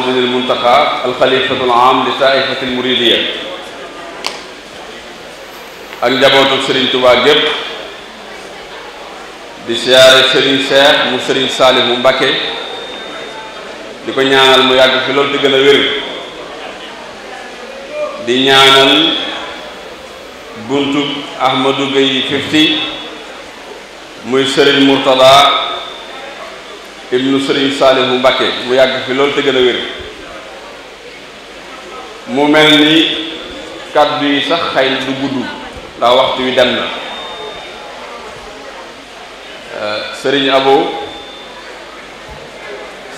Muhammadin ak njabootu Serigne Touba gépp di siyaare Serigne Cheikh mu sëriñ Salim mu mbake di ko ñaanal mu yàgg fi loolu di gën a ñaanal buntu Ahmadou Gueye muy Serigne Mourtada ibnu sëriñ Saalihu Mbàkke mu yàgg fi loolu te gën a wér mu mel ni kàddu yi sax xëy na du gudd ndax waxtu wi dem na euh, sëriñ Abo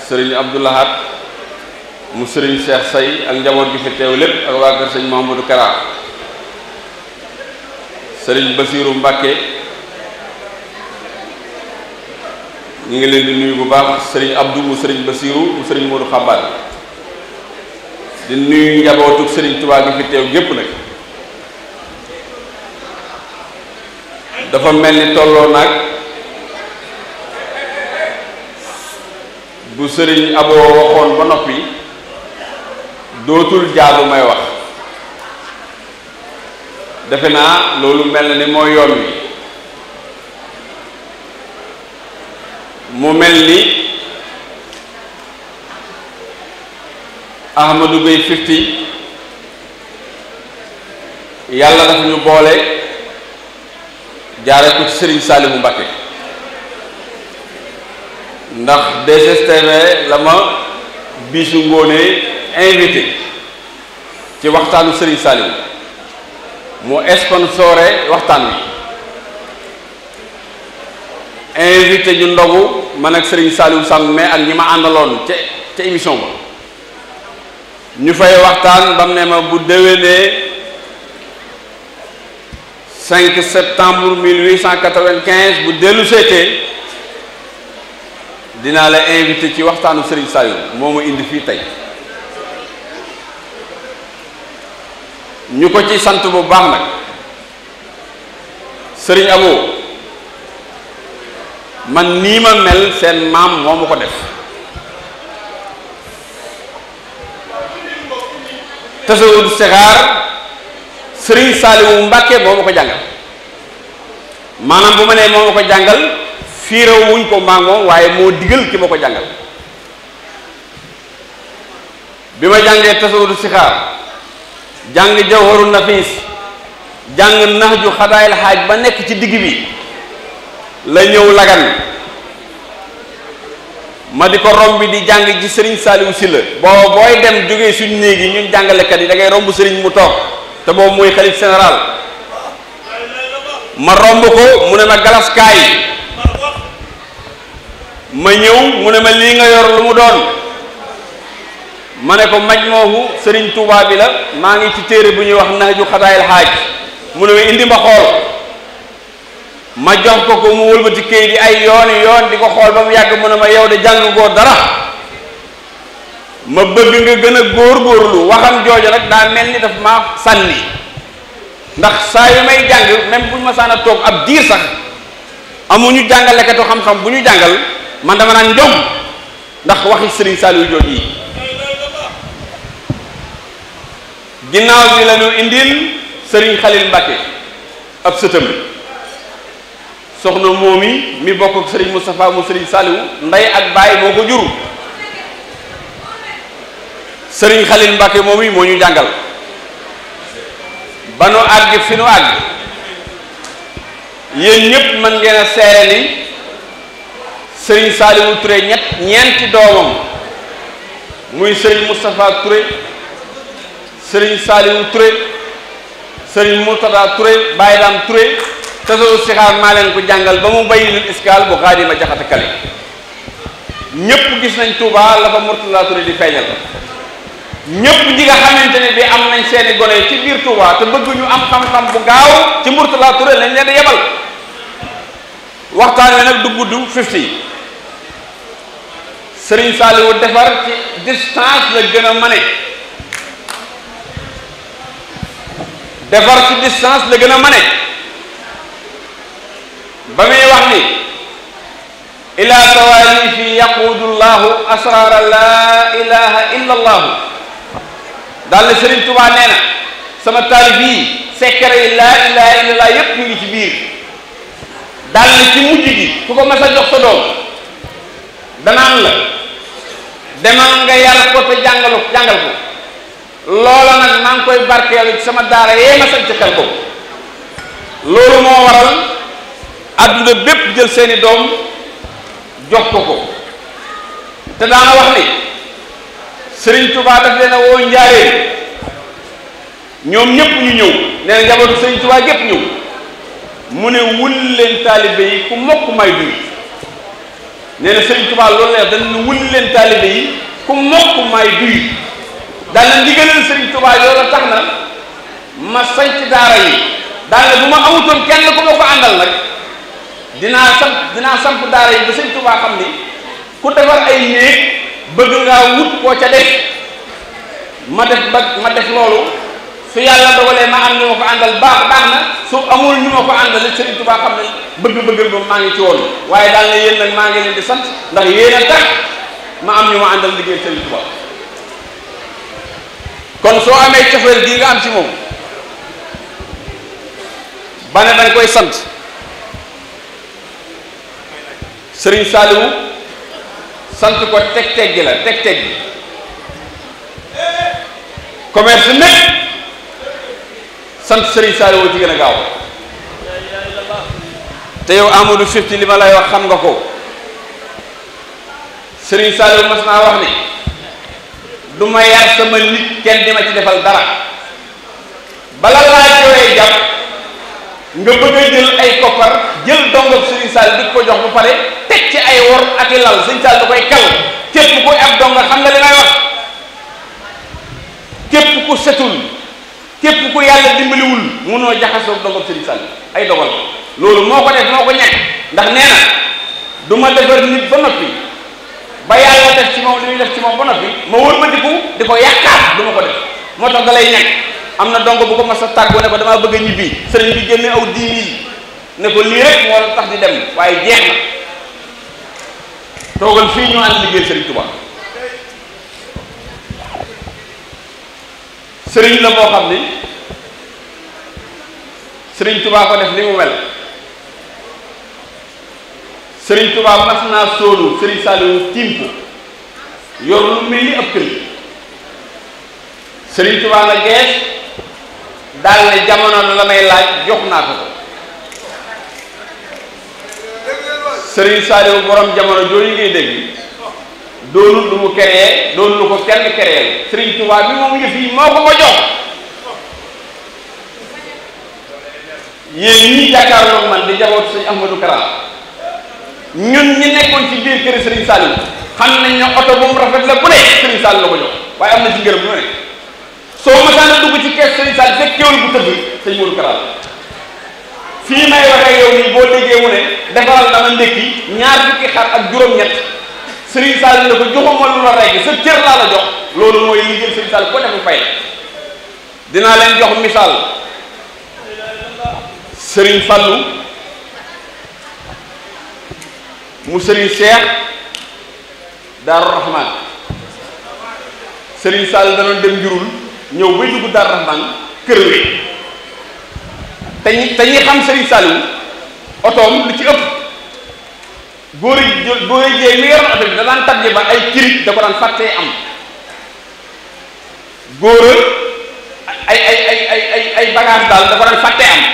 sëriñ Abdoulahat mu sëriñ Seex Say ak njaboot gi fi teew lépp ak waa kër sëñ Mahamadou Kara sëriñ Basiiru Mbàkke ñu ngi leen di nuyu bu baax sëriñ Abdou mu sëriñ Basiru mu sëriñ Modou Xabaat di nuyu njabootu sëriñ Tuubaa gi fi teew gépp nag dafa mel ni tolloo nag bu sëriñ aboo waxoon ba noppi dootul jaadu may wax defe naa loolu mel na ni mooy yoon wi mu mel ni Ahmadou Gueye Fifty yàlla dafa ñu boole jaare ko ci Serigne Saliou Mbacké ndax DSTV la ma biisu ngoonee invité ci waxtaanu Serigne Saliou mu sponsoré waxtaan wi invité ñu ndogu man ak Serigne Saliou Samb mais ak ñi ma àndaloon ca ca émission ba ñu fay waxtaan bam ne ma bu déwénee 5 septembre 1895 bu dellu seetee dinaa la invité ci waxtaanu Serigne Saliou moo ma indi fii tey ñu ko ci sant bu baax nag Serigne Abo man nii ma mel seen maam moo ko def tasawud sixaar sëriñ saalimu mbàkke moo ma ko jàngal maanaam bu ma nee moo ko jàngal fiiraw wuñ ko maag waaye moo digal ki ma ko jàngal bi ma jàngee tasawud sixaar jàng jawharu nafis jàng nax ju xadaayil xaaj ba nekk ci digg bi la ñëw lagan ma di ko romb di jàng ci sëriñ Saliou Sylla booba booy dem jógee suñu néeg yi ñun jàngalekat yi da ngay romb sëriñ mu toog te boobu mooy xalif général ma romb ko mu ne ma galaskaay ma ñëw mu ne ma lii nga yor lu mu doon ma ne ko maj moomu sëriñ Touba bi la maa ngi ci téere bu ñuy wax naaju xadaayil xaaj mu ne ma indi ma xool ma jox ko ko mu wëlbati këyit yi ay yoon yoon di ko xool ba mu yàgg mu ne ma yow de jàng koo dara ma bëgg nga gën a góor góorgóorlu waxam jooju rek daa mel ni daf maa sànni ndax saa yu may jàng même bu ma saan a toog ab diir sax amuñu jàngalekatu xam-xam bu ñu jàngal man dama naan njom ndax waxi sëriñ Saliou jooju yi ginnaaw bi la ñu indil sëriñ Xalil Mbàkke ab sëtam soxna moomi mi bokk sëriñ Moustapha mu sëriñ Saliou ndey ak baay moo ko jur sëriñ Xalil Mbàkke moomi moo ñu jàngal ba nu àgg fi nu àgg yéen ñépp mën ngeen seere ni sëriñ Saliou Touré ñett ñeenti doomam muy sëriñ Moustapha Touré sëriñ Saliou Touré sëriñ Mourtada Touré Baye Dame Touré tasawul sixaar maa leen ko jàngal ba mu bayyinul iskaal bu xaadima jaxata kale ñëpp gis nañ Touba la fa Murtala di feeñal ñëpp ñi nga xamante ne bi am nañ seeni gone ci biir Touba te bëgg ñu am xam-xam bu gaaw ci Murtala Touré lañ leen di yebal waxtaan wi nag du gudd fifty Sëriñ Saliou defar ci distance la gën a mane defar ci distance la gën a mane ila tawaalifi yaquudu llahu asraara laa ilaha illa allahu daal na Sëriñ Tuubaa nee na sama taalif yi secret yi laa ilaha illa allah yépp mi ci biir daal na ci mujj gi ku ko mas a jox sa doom danaan la demal nga yar ko te jàngalu jàngal ko loola nag maa koy barkeelu sama daara yee ma sañ ca ko loolu moo waral adduna bépp jël seeni doom jox ko ko te daana wax ni Serigne Touba daf leen a woo njaaree ñoom ñëpp ñu ñëw nee na njabootu Serigne Touba gépp ñëw mu ne wul leen taalibe yi ku mokk may duy nee ne wul leen taalibe yi ku mokk may duy daal na ndigalal Serigne Touba daara yi daal na bu ma amutoon kenn ku ma ko àndal nag dinaa samp dinaa samp daara yi ba sëñ Tuubaa xam ni ku defar ay néeg bëgg ngaa wut koo ca def ma def ba ma def loolu su yàlla dogalee ma am ñu ma ko àndal baax baax na su amul ñu ma ko àndal sëriñ Tuubaa xam ne bëgg-bëggal ba maa ngi ci woon waaye daal na yéen nag maa ngi leen di sant ndax yéen a tax ma am ñu ma àndal liggéey sëriñ Tuubaa kon soo amee cofeel gi nga am ci moom bane ne danga koy sant sëriñ Saaliwu sant ko teg teg gi la teg teg gi commerce nekk sant sëriñ Saaliwu jigéen a gaaw te yow Amadou Fifty li ma lay wax xam nga ko sëriñ Saaliwu mas naa wax ne du ma yar sama nit kenn di ma ci defal dara bala laa jooyee jàpp nga bëgg a jël ay koppar jël dongog Serigne Sall di ko jox bu pare teg ci ay wor ak i lal Serigne Sall da koy kal képp koy ab donga xam nga li may wax képp ku setul képp ku yàlla dimbaliwul munoo jaxasoo dongog Serigne Sall ay dogal loolu moo ko def moo ko ñàkk ndax nee na defar nit ba noppi ba yàlla def ci moom li def ci moom ba noppi ma wëlbatiku di ko yàqaat du ma ko def moo tax da lay am na dong bu ko mas a tàggu ne ko damaa bëgg a ñibbi sëriñ bi génne aw dix ne ko lii rek moo tax di dem waaye jeex na toogal fii ñu ànd liggéey sëriñ Tuubaa sëriñ la boo xam ni sëriñ Tuubaa ko def li mu mel sëriñ Tuubaa mas naa sóolu sëriñ Saliou tiim ko yor lu mel ni ab kër sëriñ Tuubaa la gees daal ne jamono la may laaj jox naa ko Serigne Saliou borom jamono jooju ngay dégg doonul lu mu créé doonul lu ko kenn créé Serigne Touba bi moom yëf yi moo ko ko jox yéen ñi jàkkaarloo man di jaboot sëñ Ahmadou Kara ñun ñi nekkoon ci biir kër Serigne Saliou xam nañ ne oto bu mu rafet la bu ne Serigne Saliou la ko jox waaye am na ci ngërëm bu ne soo mësaan a dugg ci kees sëñ Sall fekk kéwél bu tëdd sëñ Modou Kara fii may waxee yow nii boo déggee mu ne defaral dama ndékki ñaar fukki xar ak juróom-ñett sëriñ Sall ne ko joxuma lu la rey sa cër laa la jox loolu mooy li jël sëriñ Sall ko defu fay dinaa leen jox misaal sëriñ Fallou mu sëriñ Cheikh Daaru Rahman sëriñ Sall danoon dem jurul ñëw bay dugg Daaru Rahman kërëwee te ñi te ñi xam Serigne Saliou otoom lu ci ëpp góor yi góor yi jéeg mi yoroon oto bi da daan tàggee ba ay kirit da ko daan fàttee am góor ay ay daal da ko daan fàttee am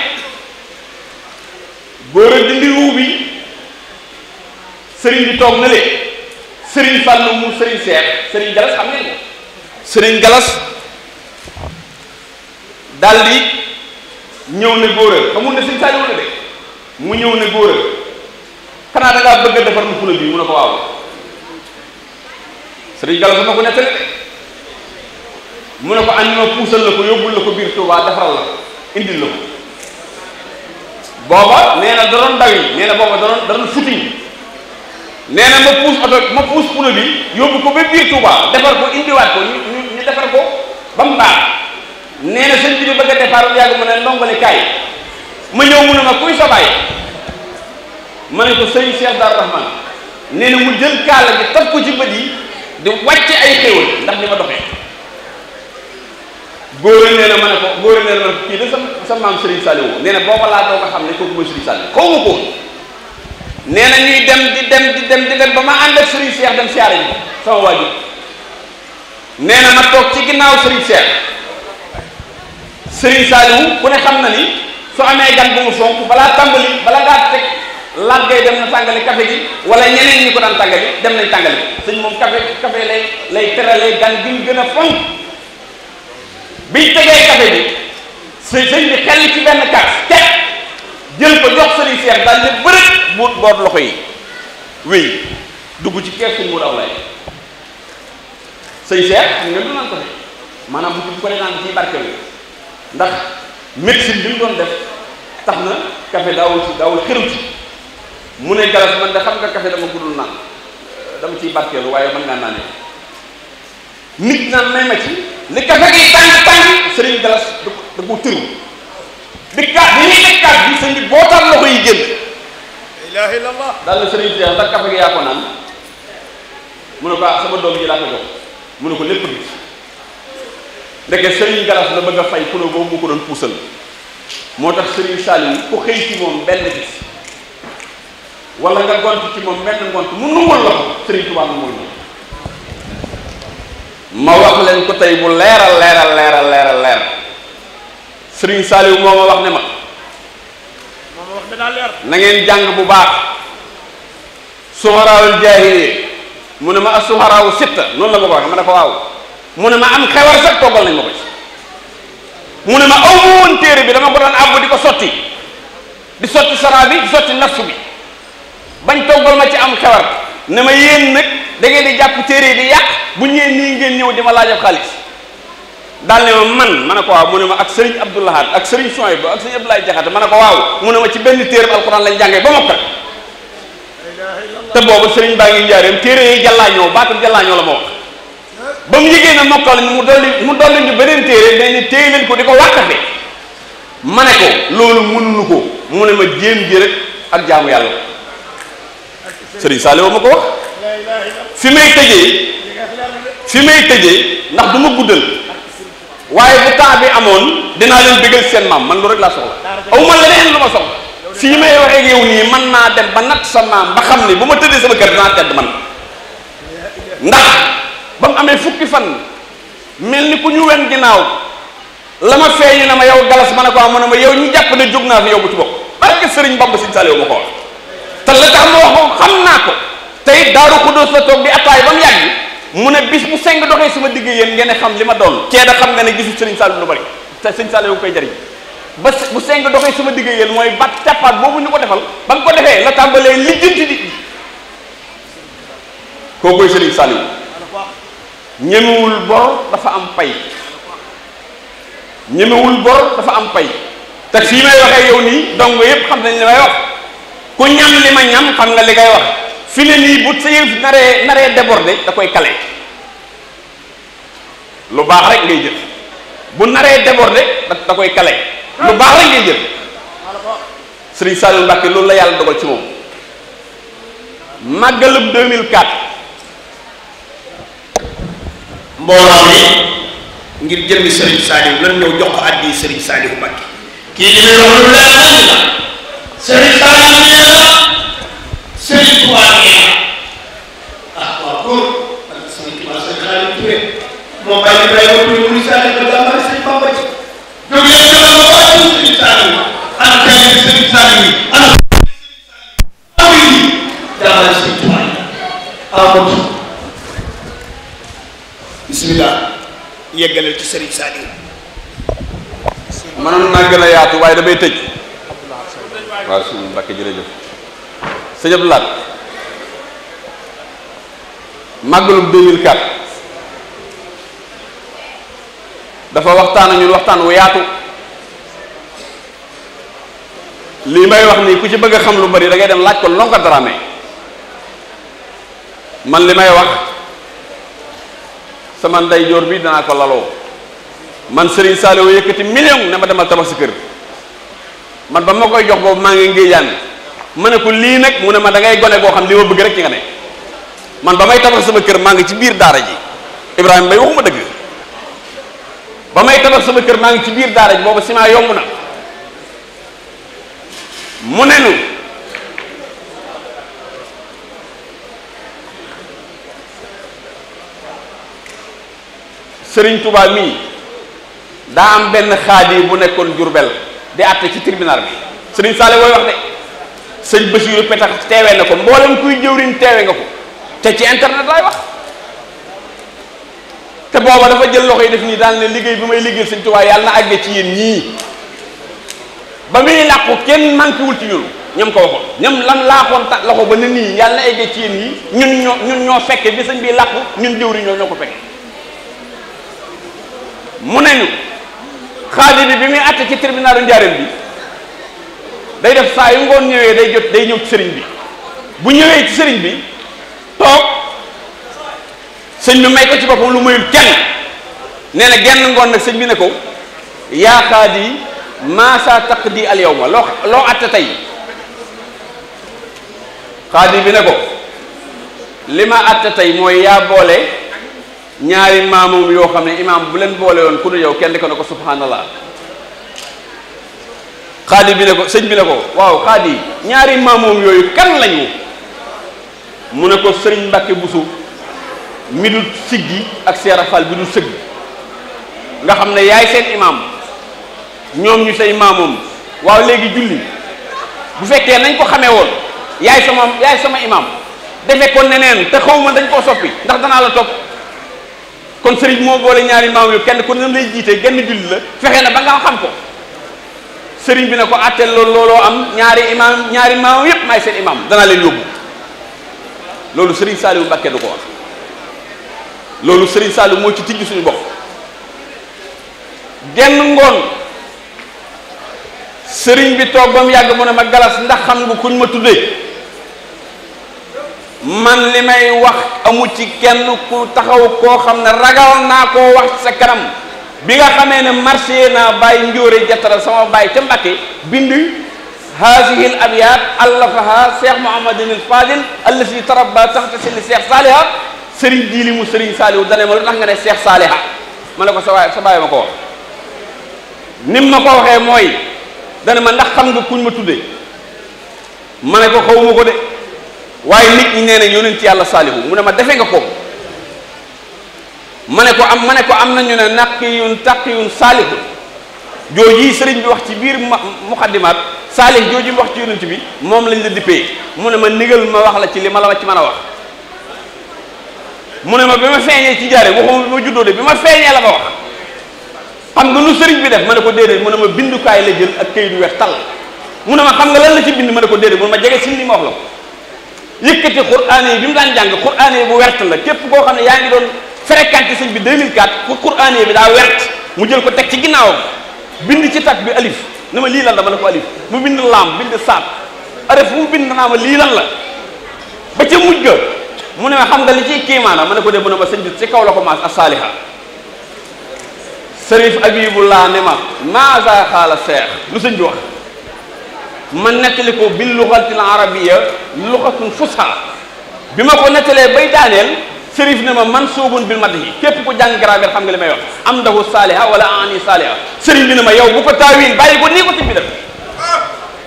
góor a dindi ruu bi sëriñ bi toog na le sëriñ Fallou mu sëriñ Seex sëriñ Galas xam ngeen ko sëriñ Galas daal di ñëw ne góor a xamul ne sëñ Saaliw de mu ñëw ne góor a xanaa bëgg defar mu fula bii mu ne ko waaw sëriñ Gallo sama ko nettali de mu ne ko andi ma puusal la ko yóbbul la ko biir Tuubaa defaral la indil la defar ko indiwaat ko ñu mu yàgg mu ne ndongole kaay ma ñëw mu ne ma kuy sa ma ne ko sëñ Cheikh Darou Rahman nee na mu jël kaala bi taf ko ci bët yi di wàcce ay xéwal ndax ni ma doxee góor nee na ma ne ko góor nee na ma ne kii la sa sa maam Serigne Saliou nee na booba xam ne kooku mooy Serigne Saliou ko nee na ñuy dem di dem di dem di ba ma ànd ak Serigne Cheikh dem siyaare ji sama waajur nee na ma toog ci ginnaaw Serigne Cheikh. Serigne Saliou ku ne xam na ni su amee gan bu mu fonk balaa tàmbali bala ngaa teg laaj dem na tàngali café gi wala ñeneen ñi ko daan tàngali dem nañ tàngali sëñ moom café café lay lay teralee gan gi mu gën a fonk biñ tegee café bi sëñ sëñ bi xel ci benn kaas teg jël ko jox Serigne Cheikh daal ne bërëb buut boot loxo yi wéy dugg ci kees suñ mu daw lay sëñ Cheikh ñu ne du naan ko de maanaam bu ko dee naan ciy barke wi ndax médecine bi mu doon def tax na café daawul ci daawul xëru ci mu ne galas man de xam nga café dama guddul naan dama ciy barkeelu waaye mën ngaa naanee nit naan may ma ci li café gi tàng tàng sëriñ galas da da ko di kaat bi ñuy boo kaat bi sëñ loxo yi génn ilaha illallah daal la sëriñ Cheikh ndax café gi yaa ko naan mu ne ko ah sama doom ji laa ko jox mu ko lépp bi ndeke sëriñ garab la bëgg a fay kulo boobu mu ko doon puusal moo tax sëriñ Saliou ku xëy ci moom benn bis wala nga gont ci moom benn ngont mu nungul ko sëriñ Tuubaa mu mooy ma wax bu leeral leeral leeral leeral leer sëriñ Saliou moo ma ne ma moo ma wax jàng bu baax suxaraawul jaahiliya mu ne ma as suxaraawu sitta noonu la ma ko wax ne ko waaw mu ne ma am xewar sax toggal nañ ma ko ci mu ne ma aw ma téere bi dama ko doon àbb di ko sotti di sotti saraa bi di sotti nasu bi bañ toggal ma ci am xewar ne ma yéen nag da di jàpp téere di yàq bu ñëwee nii ngeen ñëw di ma laajab xaalis daal ne ma man ma ne ko waaw mu ne ma ak Serigne Abdoulahad ak Serigne Souaïbou ak Serigne Abdoulaye Diakhaté ma ne ko waaw mu ne ma ci benn téere bi alxuraan lañ jàngee ba mokkat te boobu sëriñ baa ngi njaareem téere yi jàllaa ñëw baatul jàllaa ngeen a mokkal mu dolli mu dolli ñu beneen téere mais ñu téye leen ko di ko wàkkate ma ne ko loolu mënuñu ko mu ne ma jéem ji rek ak jaamu yàlla sëriñ Saliou ma ko wax may tëjee fi may ndax du ma guddal waaye bu temps bi dinaa leen bégal seen maam man lu rek laa soxla aw man leneen lu ma soxla fii may wax yow nii mën naa dem ba natt sa maam ba xam ne bu ma tëddee sama kër dinaa tedd man ndax ba mu amee fukki fan mel ni ku ñu wen ginnaaw la ma feeñu na ma yow galas ma ne ko ah ma ne ma yow ñu jàpp ne jóg naa fi yow bu ci bokk barke sëriñ Bamba Sëriñ Saliou ma ko wax te la tax ma wax ko xam naa ko tey daaru xudóos la toog di attaay ba mu yàgg mu ne bis bu seng doxee sama digg yéen ngeen xam li ma doon cee da xam nga ne gisu sëriñ Saliou lu bari te sëriñ Saliou koy jariñ ba bu seng doxee sama digg yéen mooy bat càppaat boobu ñu ko defal ba nga ko defee la tàmbalee lijjanti di koo koy ñemewul bor dafa am pay ñemewul bor dafa am pay te fii may waxee yow nii dong yépp xam nañ li may wax ku ñam li ma ñam xam nga li ngay wax fi ne nii bu sa yëf naree naree débordé da koy kale lu baax rek ngay jël bu naree débordé da koy kale lu baax rek ngay jël Serigne Saliou Mbacké loolu la yàlla dogal ci moom màggalub 2004 mbooloo mi ngir jëmmi sëriñ Saliou lan ñëw jox addi sëriñ Saliou Mbacké kii li muy la sëriñ sëriñ Tuubaa nee na ah waaw góor ak sëriñ Tuubaa sëriñ Saliou Touré moom bay bi bay boobu ñu ngi Saliou ba daa mari sëriñ ma ko addi sëriñ Saliou ana tey sëriñ Saliou yeggaleel ci sëriñ Saliou mënoon naa gën a yaatu waaye damay tëj waaw suñu Mbàkke jërëjëf sëñ Abdou dafa waxtaan ak ñun waxtaan wu yaatu lii may wax nii ku ci bëgg xam lu bari da dem laaj ko lonka Dramé man li may wax sama ndeyjoor bi danaa ko laloo man Serigne Saliou yëkkati million ne ma demal tabax si kër man ba ma koy jox boobu maa ngi ngéejaan ma ne ko lii nag mu ne ma da ngay gone boo xam li ma bëgg rek ci nga ne man ba may tabax sama kër maa ngi ci biir daara ji Ibrahima Mbaye waxuma dëgg ba may tabax sama kër maa ngi ci biir daara ji boobu ciment yomb na mu ne nu sëriñ Touba mii daa am benn xaadi bu nekkoon Jurbel di àtte ci tribunal bi sëriñ Saale wooy wax de sëñ Basiru petax teewee na ko mboolem kuy jëwriñ teewe nga ko te ci internet laay te booba dafa jël loxo yi def nii daal ne liggéey bi may liggéey sëñ Touba yàlla na àggee ci yéen ñii ba muy làqu kenn manquéwul ci ñun ñam ko waxoon ñam lan laaxoon ta loxo ba ne nii yàlla na àggee ci yéen yi ñun ñoo ñun ñoo fekke bi sëñ bi làqu ñun jëwriñ ko mu nañu xaadimi bi muy àtte ci tribunalu njaareem bi day def saa yu ngoon ñëwee day jot day ñëw ci sëriñ bi bu ñëwee ci sëriñ bi toog sëñ bi may ko ci boppam lu mayul kenn nee na genn ngoon nag sëñ bi ne ko yaa xaadi maa saa taqdi al yawma loo loo àtte tey xaadi bi ne ko li ma àtte tey mooy yaa boole ñaari maamum yoo xam ne imaam bu leen boole woon ku nu yow kenn ko ne ko subhanallah xaadi bi ne ko sëñ bi ne ko waaw xaadi ñaari maamum yooyu kan lañu mu ne ko sëriñ Mbàkke Busu mi du siggi ak Seera fal bi du sëgg nga xam ne yaay seen imaam ñoom ñu say maamoom waaw léegi julli bu fekkee nañ ko xamee woon yaay sama yaay sama imaam defe ko neneen te xaw ma dañ koo soppi ndax danaa la topp kon sëriñ moo boole ñaari maam yu kenn ku ne lay jiite genn julli la fexe na ba nga xam ko sëriñ bi ne ko àtteel loolu looloo am ñaari imaam ñaari maam yépp maay seen imaam danaa leen yóbbu loolu sëriñ Saliou Mbacké du ko wax loolu sëriñ Saliou moo ci tijj suñu bopp genn ngoon sëriñ bi toog ba yàgg mu ne ma galas ndax xam nga kuñ ma tuddee man li may wax amu ci kenn ku taxaw koo xam ne ragal naa koo wax sa kanam bi nga xamee ne marché naa bàyyi njóore jatara sama bàyyi ca Mbakke bind haasihi l abiyaat allafaha cheikh mouhamadin il fadil allazi tarabba taxta sinni cheikh saaliha sëriñ diili mu sëriñ saalihu dane ma lu tax nga ne cheikh saaliha ma ne ko sa waay sa bàyyi ma ko wax nim ma ko waxee mooy dane ma ndax xam nga kuñ ma tuddee ma ne ko xaw ma ko de waaye nit ñi nee nañ yonent yàlla saalihu mu ne ma defe nga ko ma ne ko am ma ne ko am nañu ne naqiyun taqiyun saalihu jooju yi sëriñ bi wax ci biir mu muqaddimaat saalih jooju mu wax ci yonent bi moom lañ la dippee mu ne ma nigal ma wax la ci li ma la ci mën a wax mu ne ma bi ma feeñee ci jaare waxuma ma juddoo de bi ma feeñee la ma wax xam nga lu sëriñ bi def ma ne ko déedéet mu ne ma bindukaay la jël ak këyit weex tal mu ne ma xam nga lan la ci bind ma ne ko déedéet mu ne ma jege si li ma wax la ko yëkkati quraan yi bi mu daan jàng quraan yi bu wert la képp koo xam ne yaa ngi doon fréquenté sëñ bi 2004 pour quraan yi bi daa wert mu jël ko teg ci ginnaawam bind ci tag bi alif na ma lii lan la ma ne ko alif mu bind laam bind saat araf mu bind naa ma lii lan la ba ca mujj ga mu ne ma xam nga li ciy kéemaana ma ne ko de mu ne ma sëñ bi ci kaw la ko maas asaaliha sërif abibullah ne ma maasaa xaala seex lu sëñ bi wax ma nettali ko bil luxatil arabia luxatun fusha bi ma ko nettalee bay daaneel sërif ne ma man sóobun bil madhi képp ku jàng grammaire xam nga li may wax am dahu saaliha wala ani saaliha sëriñ bi ne ma yow bu ko taawil bàyyi ko nii ko tibbi def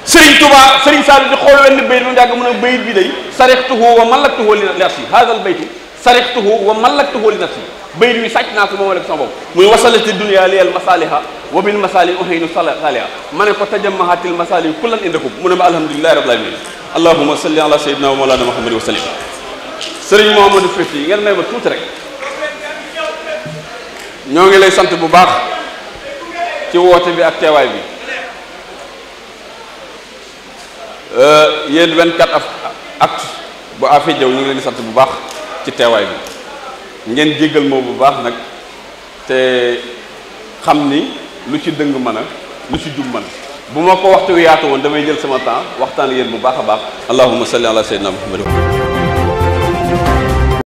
sëriñ Tuubaa sëriñ Saalu di xool wenn bayit bi mu yàgg mun a bayit bi day sarixtuhu wa malaktuhu li nafsi haadal baytu sarixtuhu wa malaktuhu li nafsi bayit wi sàcc naa ko moom rek sama bopp muy a dunia liyal masaliha wa bil masali uhaynu saliha ma ne ko tajammahatil masali kullan indakum mu ne ma alhamdulilahi rabbil alamin allahuma salli ala sayyidina wa mawlana muhammad ngeen may ba tuuti rek ñoo ngi lay sant bu baax ci woote bi ak bi euh, yéen 24 actu bu affaire jaww ñu ngi leen sant bu baax ci teewaay bi ngeen jéggal moo bu baax nag te xam ni lu ci dëng mën a lu ci jub mën bu ma ko waxtu yaatu woon damay jël sama temps waxtaan yéen bu baax a baax allahumma salli ala sayyidina muhammad